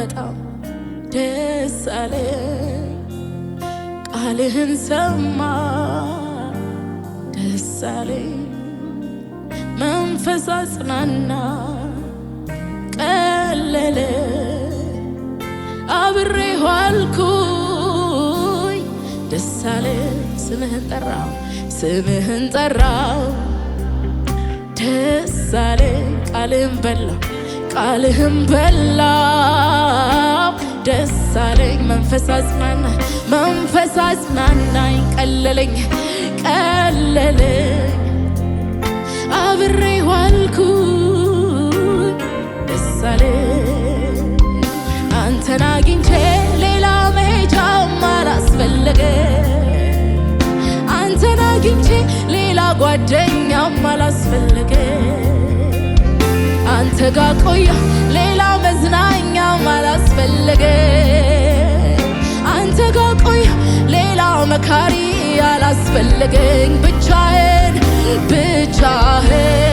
በጣም ደስ አለ ቃልህን ሰማ ደስ አለ መንፈስ አጽናና ቀለለ አብሬ ኋልኩኝ ደስ አለ ስምህን ጠራው ስምህን ጠራው ደስ አለ ቃልህን በላው ቃልህም በላው ደስ አለኝ። መንፈስ አጽናና መንፈስ አጽናናኝ ቀለለኝ ቀለለኝ አብሬ ዋልኩ ደስ አለኝ አንተን አግኝቼ ሌላ መሄጃም አላስፈለገ አንተን አግኝቼ ሌላ ጓደኛም አላስፈለገ ካንተ ጋር ቆየ ሌላ መዝናኛ አላስፈለገ አንተ ጋር ቆየ ሌላ መካሪ አላስፈለገኝ ብቻዬን ብቻዬን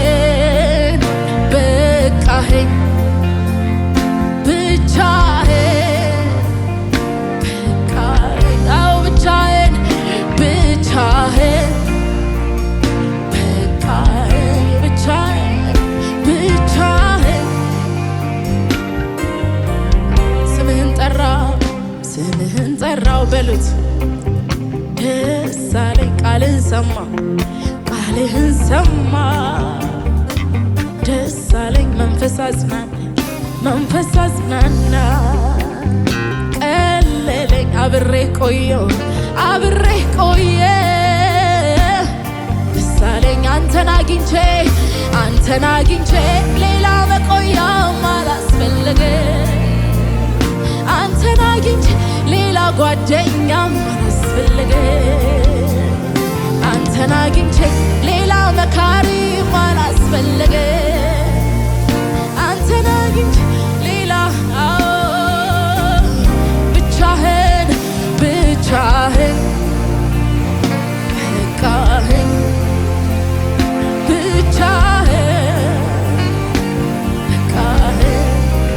ሰማ ቃልህን ሰማ ደስ አለኝ መንፈስ አጽናና መንፈስ አጽናና ቀለለኝ አብሬ ቆየው አብሬ ቆየ ደስ አለኝ አንተን አግኝቼ አንተን አግኝቼ ሌላ መቆያም አላስፈለገ አንተን አግኝቼ ሌላ ጓደኛም አንተን አግኝቼ ሌላ መካሪ አላስፈለገ አንተን አግኝቼ ሌላ ብቻህን ብቻህን በቃህን ብቻህን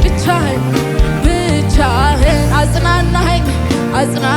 ብቻህን ብቻህን አጽናናኸኝ አጽና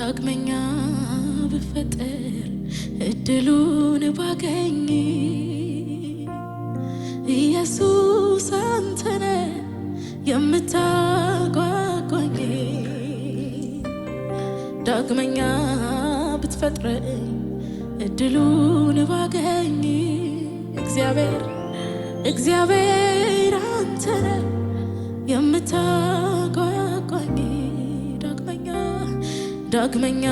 ዳግመኛ ብፈጠር እድሉን ባገኝ ኢየሱስ አንተነ የምታጓጓኝ ዳግመኛ ብትፈጥረኝ እድሉን ባገኝ እግዚአብሔር እግዚአብሔር ዳግመኛ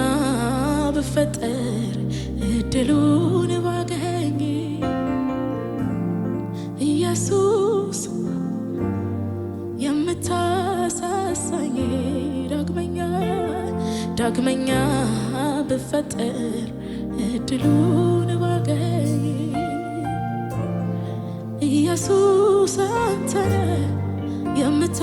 ብፈጠር እድሉን ባገኝ ኢየሱስ የምታሳሳኝ ዳግመኛ ዳግመኛ ብፈጠር እድሉን ባገኝ ኢየሱስ አንተነ የምታ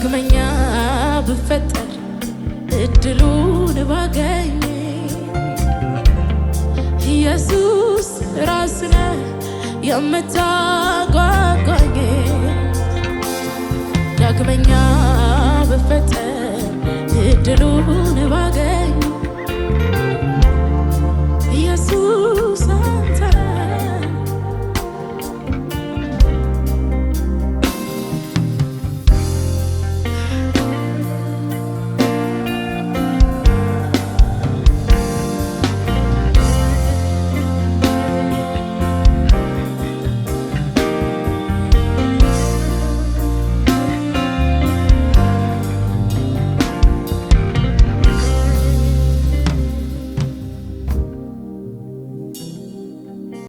ዳግመኛ ብፈጠር እድሉን ባገኝ ኢየሱስ ራስነ የምታጓጓኝ ዳግመኛ ብፈጠር እድሉን ባገኝ